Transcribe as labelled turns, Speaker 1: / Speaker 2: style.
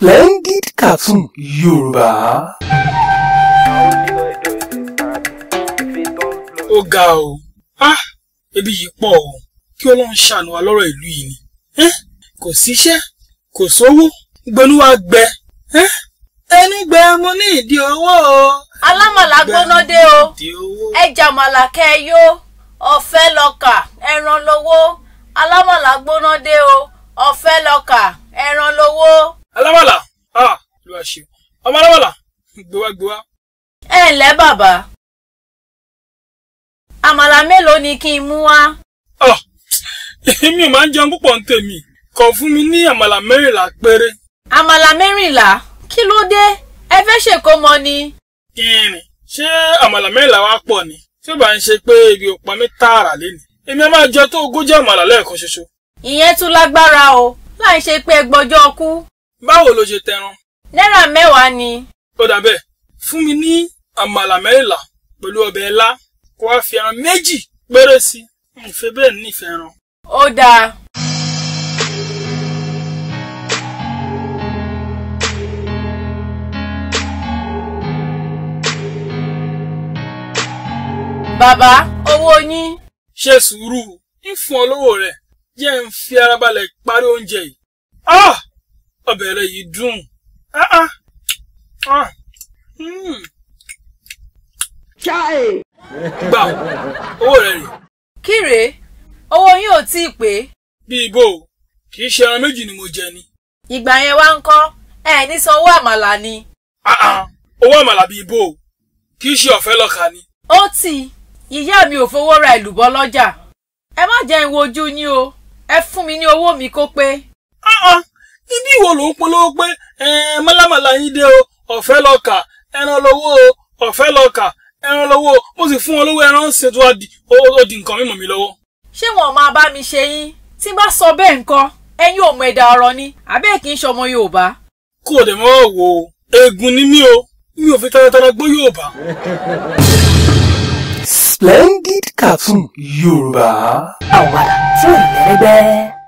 Speaker 1: Splendid Cartoon Yorùbá. ó ga o ah ebi yìí pọ̀ o kí ọlọ́run ṣàánú wa lọ́rọ̀ ìlú yìí ni eh, kò síṣẹ́ kò sówó gbenuwa gbẹ eh, ẹni gbẹ mo ní ìdí owó o. alámàlà gbóná dé o ẹja màlàkẹ́ yó ọ̀fẹ́ lọ́kà ẹran lọ́wọ́ alámàlà gbóná dé o ọ̀fẹ́ lọ́kà ẹran lọ́wọ́ alábàlà ló wá ṣe ọmọ alábàlà gbowágbowá. ẹ ǹlẹ́ bàbá àmàlà mélòó ni kí n mú wá. Ah, èmi ò máa ń jẹun púpọ̀ ń tèmi kàn fún mi ní àmàlà mẹ́rìnlá péré. àmàlà mẹ́rìnlá kí ló dé ẹ fẹ́ ṣèkómọ ni. kìnìún ṣé àmàlà mẹ́rìnlá wa pọ̀ ni tí ó bá ń ṣe pé ibi ò pa mí tààrà lénìí èmi á máa jẹ tó ogójì àmàlà lẹ́ẹ̀kan ṣoṣo. ìyẹn tún lágbára o láì ṣe pé ẹgbọ́jọ́ kú. báwo ló ṣe tẹran. náírà mẹ́wàá ni. ó dà fún mi ní àmàlà mẹ́rìnlá pẹ̀lú ọbẹ̀ ẹ̀lá kó wá fi ẹran méjì péré sí i n fẹ́ bẹ́ẹ̀ nífẹ̀ẹ́ ẹran. ó dáa. bàbá owó yín. ṣe sùúrù ń fún ọ lówó rẹ jẹ́ ń fi ara balẹ̀ parí oúnjẹ yìí. ah ọbẹ̀ rẹ yìí dùn ah, ah. Ah. Hmm. gbà owó rẹ rè. kíre owó yín ò tí ì pé. bí ibo kì í ṣe ẹran méjì ni mo jẹ ni. ìgbà yẹn wá ń kọ́ ẹ ní san owó àmàlà ni. owó àmàlà bíi ibo kì í ṣe ọ̀fẹ́ lọ́ka ni. ó ti ìyá mi ò fowó ra ìlúbọ́ lọ́jà ẹ má jẹ́ ìwojú yín o ẹ fún mi ní owó mi kó pé ibi ìwọ ló ń polówó pé eh, mọ́lámọ́lá yín dé o ọ̀fẹ́ lọ́kà ẹran lọ́wọ́ o ọ̀fẹ́ lọ́kà ẹran lọ́wọ́ o mo sì fún wọn lówó ẹran ṣe tó ó di nǹkan mímọ̀ mi lọ́wọ́. ṣé wọn máa bá mi ṣe yín tí bá sọ bẹ́ẹ̀ nǹkan ẹ̀yin ò mọ ẹ̀dá ọ̀rọ̀ ni àbẹ́ẹ̀ kì í ṣọmọ Yorùbá. kó o dẹ̀ mọ́ wò ó eegun ni mí o mi ò fi taratara gbọ́ Yorùbá. Splendid Cartoon Yorùbá àwàdà fún ìlẹ́gbẹ́.